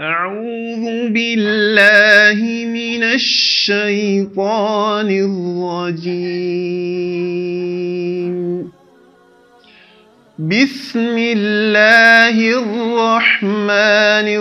أعوذ بالله من الشيطان الرجيم بسم الله الرحمن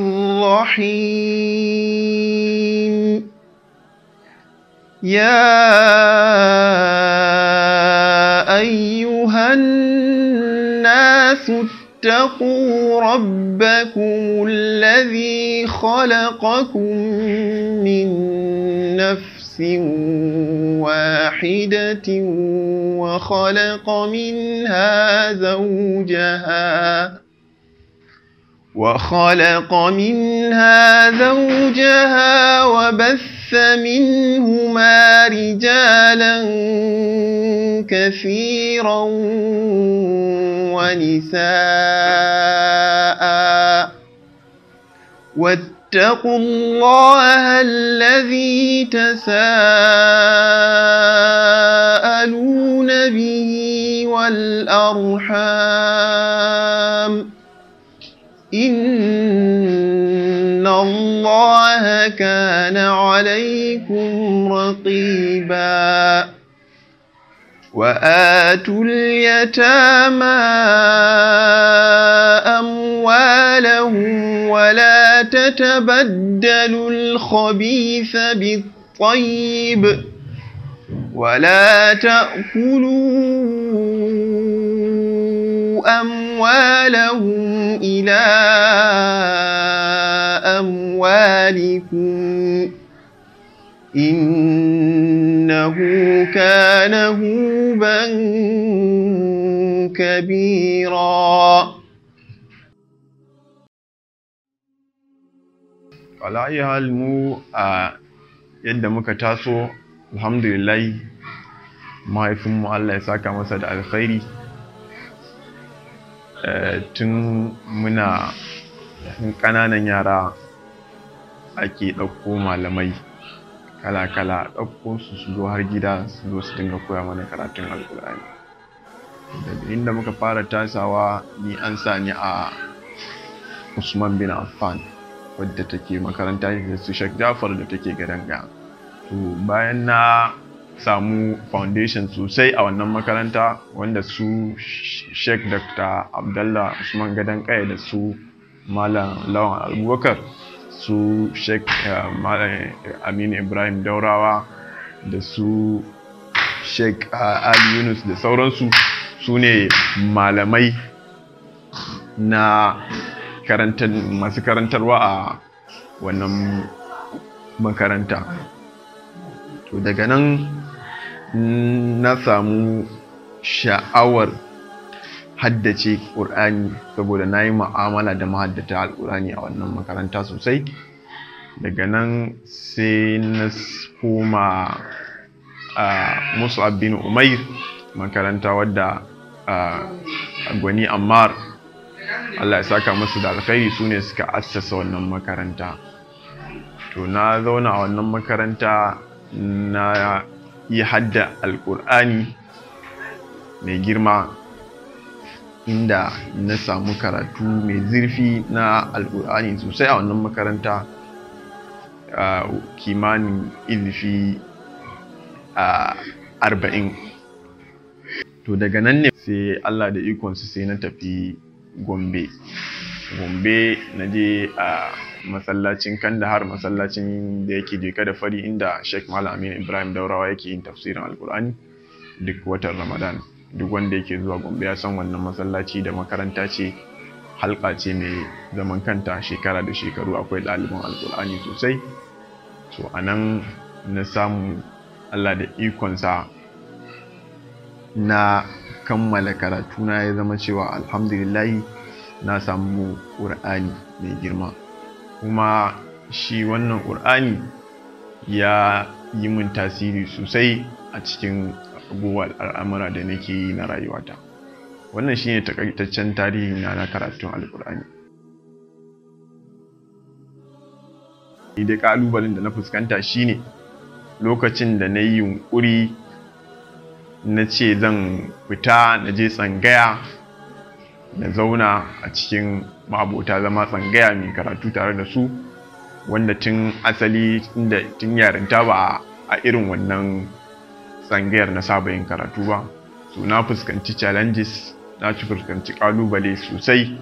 الرحيم يا أيها الناس واتقوا ربكم الذي خلقكم من نفس واحدة وخلق منها زوجها وخلق منها زوجها وبث منهما رجالا كثيرا ونساء واتقوا الله الذي تساءلون به والأرحام إن الله كان عليكم رقيبا وآتوا اليتامى أموالهم ولا تتبدلوا الخبيث بالطيب ولا تأكلوا أموالهم أمواله إلى أموالكم إنه كان هوبا كبيرا قال أيها المو يد مكتاسو الحمد لله ما يفهم الله يساك مسجد الخيري Eh, tun muna ƙananan yara ake ɗauko malamai kala-kala ɗauko su su zo har gida su zo su dinga koya mana karatun alkur'ani daga inda muka fara tasawa ni an sa ni a usman bin affan wadda take makaranta da su shek jafar da take gadon to bayan na samu foundation sosai a wannan makaranta wanda su sheik dr abdallah usman gadon kaya da su malam lawan abubakar su sheik eh, malam aminu ibrahim daurawa da su sheik eh, ali yunus da sauransu su ne malamai na masu karantarwa a wannan makaranta to daga nan na samu sha'awar haddace ƙur'ani saboda na yi ma'amala da mahaddata alƙur'ani a wannan makaranta sosai daga nan sai na koma a musu abin umair makaranta wadda gwani ammar allah ya saka musu da alkhairi su ne suka assasa wannan makaranta to na zauna a wannan makaranta na iya hadda alƙur'ani mai girma inda na samu karatu mai zurfi na alƙur'ani sosai a wannan makaranta a kimanin ilifi a arba'in to daga nan ne sai allah da ikonsu sai na tafi gombe gombe na je a masallacin har masallacin da yake jeka da fari inda sheikh malam aminu ibrahim daurawa yake yin tafsirin alkur'ani duk watan ramadan duk wanda yake zuwa gombe ya san wannan masallaci da makaranta ce halka ce mai zaman kanta shekara da shekaru akwai ɗaliban alkur'ani sosai so a nan na samu allah da ikonsa na kammala karatuna ya zama cewa alhamdulillahi na samu ƙur'ani mai girma kuma shi wannan ƙur'ani ya yi min tasiri sosai a cikin abubuwa al'amura da nake yi na rayuwata wannan shine takaitaccen tarihi na na karatun alƙur'ani dai ƙalubalen da na fuskanta shine lokacin da na yi yunƙuri na ce zan fita na je tsangaya na zauna a cikin ma'abota zama tsangaya mai karatu tare da su wanda tun asali inda tun yarinta ba a irin wannan tsangayar na saba yin karatu ba so na fuskanci challenges na ci fuskanci kalubale sosai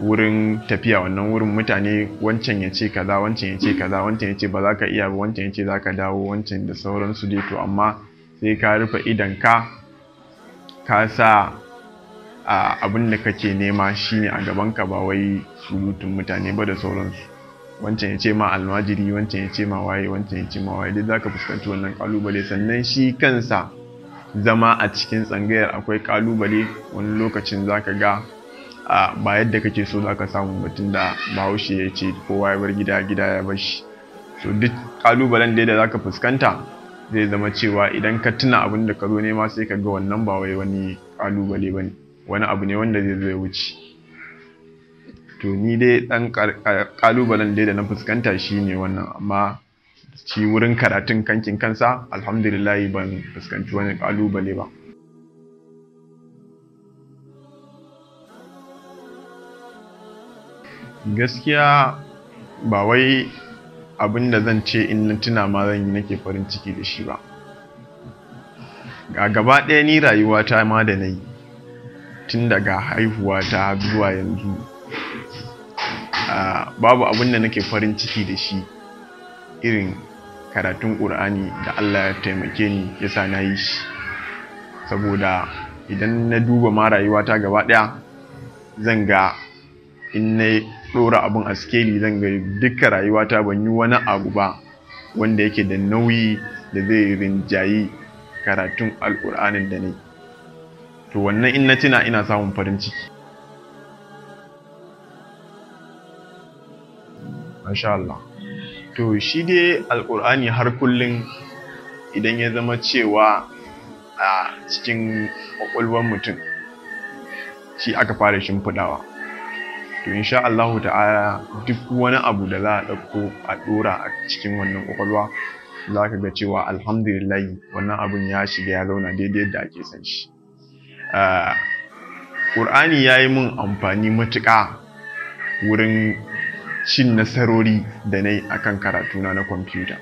wurin tafiya wannan wurin mutane wancan ya ce kaza wancan ya ce kaza wancan ya ce ba za ka iya ba wancan ya ce za ka dawo wancan da sauransu dai to amma sai ka rufe idan ka ka sa abin da kake nema shine a gaban ka ba wai surutun mutane ba da sauransu wancan ya ce ma almajiri wancan ya ce ma waye wancan ya ce ma waye duk zaka fuskanci wannan kalubale sannan shi kansa zama a cikin tsangayar akwai kalubale wani lokacin zaka ga ba yadda kake so zaka samu mutum da bahaushe ya ce kowa ya bar gida gida ya bar shi so duk kalubalen da zaka fuskanta zai zama cewa idan ka tuna abin da ka zo nema sai ka ga wannan ba wai wani kalubale ba ne. wani abu ne wanda zai zo wuce to ni dai ɗan ƙalubalen dai da na fuskanta shi ne wannan amma ci wurin karatun kankin kansa alhamdulillahi ban fuskanci wani ƙalubale ba gaskiya ba wai abin da zan ce in na tuna ma zan yi nake farin ciki da shi ba ga gaba ɗaya ni rayuwa ta ma da na yi tun daga haihuwa ta zuwa yanzu ah, babu abin da nake farin ciki da shi irin karatun ƙur'ani da allah ya taimake ni ya sa na yi shi saboda idan na duba ma rayuwata gaba ɗaya zan ga in na ɗora abin a skeli zan ga duka rayuwata ban yi wani abu ba wanda yake da nauyi da zai rinjayi karatun alƙur'anin da ne to wannan in na tuna ina samun farin ciki masha Allah to shi dai alkur'ani har kullum idan ya zama cewa a cikin kwakwalwar mutum shi aka fara shimfiɗawa to insha Allahu ta'ala duk wani abu da za a ɗauko a ɗora a cikin wannan ƙwaƙwalwa za ka ga cewa alhamdulillah wannan abun ya shiga ya zauna daidai da ake son shi ƙur'ani ah, ya yi min amfani matuƙa wurin cin nasarori da na yi a kan karatuna na kwamfuta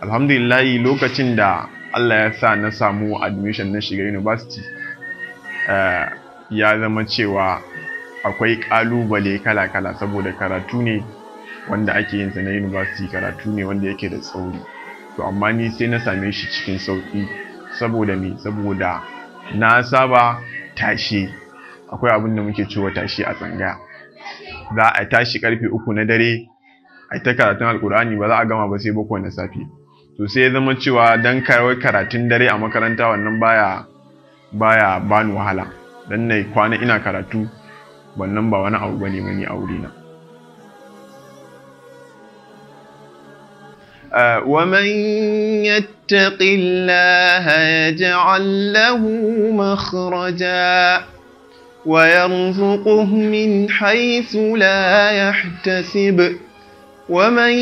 alhamdulillahi lokacin da allah ya sa na samu admission na shiga university ah, ya zama cewa akwai ƙalubale kala-kala saboda karatu ne wanda ake yin sa na university karatu ne wanda yake da tsauri to amma ni sai na same shi cikin sauƙi saboda me saboda na saba tashi akwai abin da muke cewa tashi a tsangaya za a tashi karfe uku na dare a ta karatun alkur'ani ba za a gama ba sai bakwai na safe to sai ya zama cewa dan kawai karatun dare a makaranta wannan baya baya bani wahala dan na kwana ina karatu wannan ba wani abu ne mani a wurina آه، ومن يتق الله يجعل له مخرجا ويرزقه من حيث لا يحتسب ومن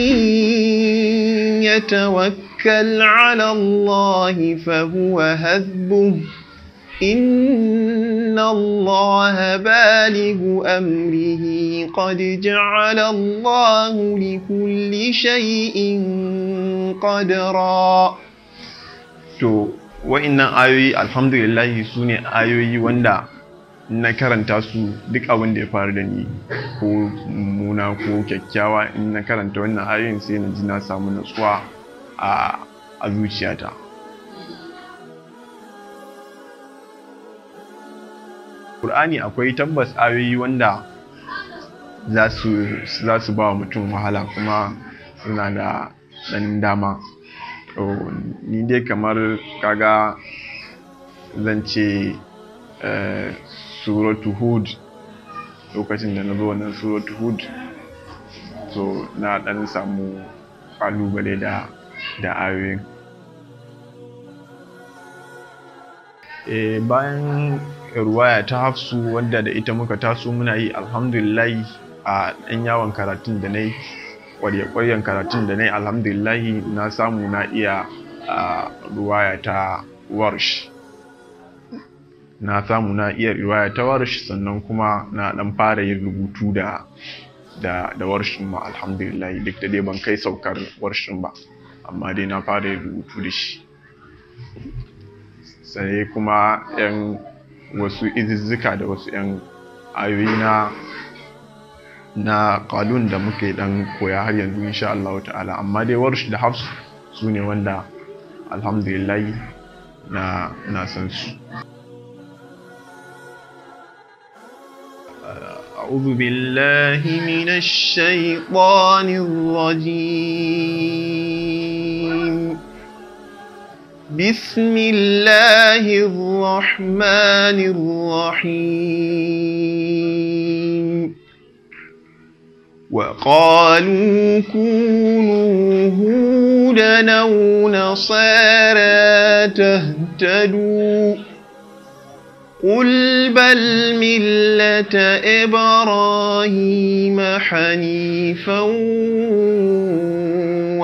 يتوكل على الله فهو هذبه إن الله بالغ أمره قد جعل الله لكل شيء قدرا to wa'innan ayoyi alhamdulillah, su ne ayoyi wanda na karanta su duk abin da ya faru da ni ko muna ko kyakkyawa in na karanta wannan ayoyin sai na ji na samu natsuwa a zuciyata alkur'ani akwai tabbas ayoyi wanda za su ba wa mutum wahala kuma suna da ɗanin dama ni dai kamar kaga zan ce eh, suratu hud lokacin da na zo wannan suratu hud so na ɗan samu ƙalubale da da ayoyin eh, bayan ruwaya ta hafsu wadda da ita muka taso muna yi alhamdulillahi a ɗan yawon karatun da na yi ƙwarya-ƙwaryan karatun da na yi alhamdulillahi na samu na iya ruwaya ta warsh na samu na iya ruwaya ta warsh sannan kuma na ɗan fara yin rubutu da da da warshin ma alhamdulillah duk da dai ban kai saukar warshin ba amma dai na fara yin rubutu da shi sai kuma yan wasu izuzzuka da wasu 'yan ayoyi na na kalun da muke dan koya har yanzu insha Allah ta'ala amma dai warsh da hafs su ne wanda alhamdulillah na na san su أعوذ بالله من الشيطان الرجيم بسم الله الرحمن الرحيم وقالوا كونوا هودا أو نصارى تهتدوا قل بل ملة إبراهيم حنيفا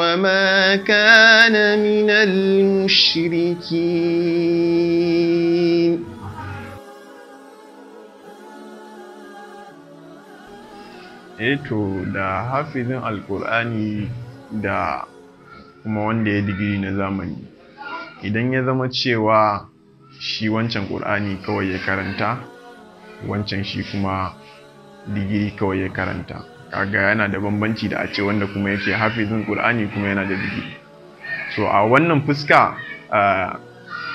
وما كان من المشركين eto da hafizin alkur'ani da kuma wanda ya digiri na zamani idan ya zama cewa shi wancan ƙur'ani kawai ya karanta wancan shi kuma digiri kawai ya karanta kaga yana da bambanci da a ce wanda kuma yake hafizin qur'ani kuma yana da digi so a wannan fuska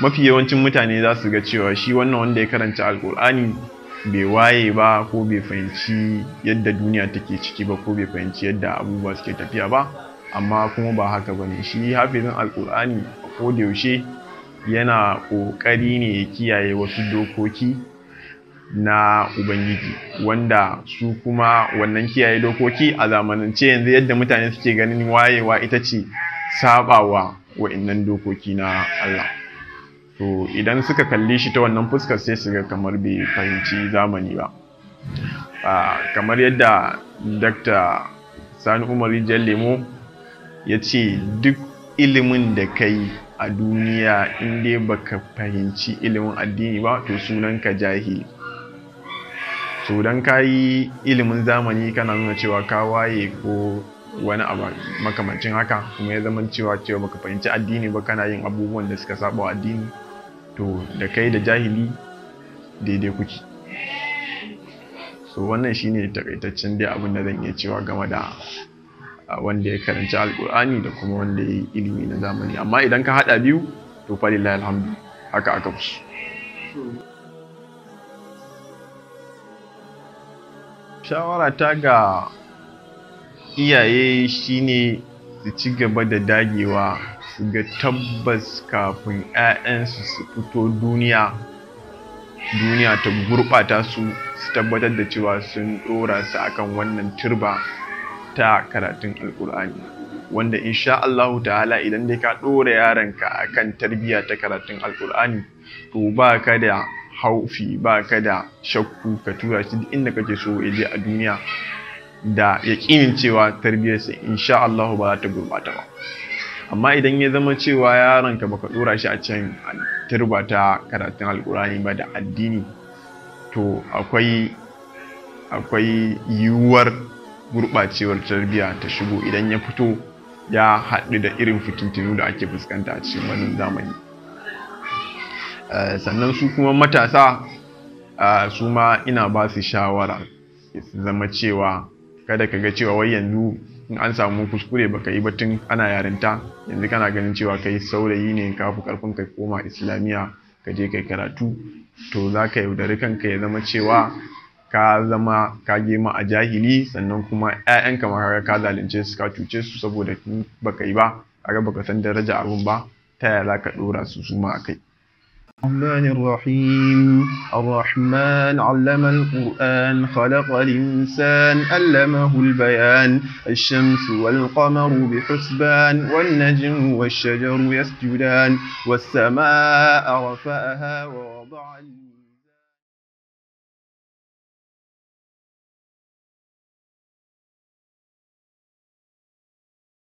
mafi yawancin mutane za su ga cewa shi wannan wanda ya karanta alkur'ani bai waye ba ko bai fahimci yadda duniya take ciki ba ko bai fahimci yadda abubuwa suke tafiya ba amma kuma ba haka ba ne shi hafizin alkur'ani a kodayaushe yana ƙoƙari ne ya kiyaye wasu dokoki na ubangiji wanda su kuma wannan kiyaye dokoki a zamanance yanzu yadda mutane suke ganin wayewa ita ce sabawa wa'innan dokoki na Allah to idan suka kalli shi ta wannan fuskar sai su ga kamar bai fahimci zamani ba kamar yadda dr sani umar jan ya ce duk ilimin da ka yi a duniya in dai baka fahimci ilimin addini ba to sunan ka jahili To don ka yi ilimin zamani kana nuna cewa ka waye ko wani abu makamancin haka kuma ya zama cewa cewa baka fahimci addini ba kana yin abubuwan da suka saba addini to da kai da jahili daidai kuke so wannan shine takaitaccen dai abin da zan iya cewa game da wanda ya karanci alkur'ani da kuma wanda ya yi ilimi na zamani amma idan ka hada biyu to fa lillahi alhamdu haka aka fi shawarata ga iyaye shine su ci gaba da dagewa su ga tabbas kafin 'ya'yansu su fito duniya duniya ta gurɓata su su tabbatar da cewa sun ɗora su akan wannan turba ta karatun alkur'ani wanda insha Allah ta'ala idan dai ka ɗora yaranka akan tarbiyya ta karatun alkur'ani to ba ka da haufi ba ka da shakku ka tura shi duk inda kake so ya je a duniya da yaƙinin cewa tarbiyyarsa insha Allah ba ta gurbata ba amma idan ya zama cewa yaron ka baka dora shi a can turba ta karatun alkurani ba da addini to akwai akwai yiwuwar gurɓacewar tarbiyya ta shigo idan ya fito ya haɗu da irin fitintinu da ake fuskanta a cikin wannan zamani Eh, sannan su kuma matasa eh, su ma ina ba su shawara su zama cewa kada ka ga cewa wai yanzu in an samu kuskure baka yi batun ana yarinta yanzu kana ganin cewa ka yi saurayi ne ka fi karfin ka koma islamiyya ka je kai karatu to za ka yaudari kanka ya zama cewa ka zama ka gema a jahili sannan kuma 'ya'yanka ma ka zalunce su ka cuce su saboda baka yi ba kaga baka san daraja abun ba ta yaya za ka ɗora su su ma a kai الرحمن الرحيم الرحمن علم القرآن خلق الإنسان ألمه البيان الشمس والقمر بحسبان والنجم والشجر يسجدان والسماء رفعها ووضع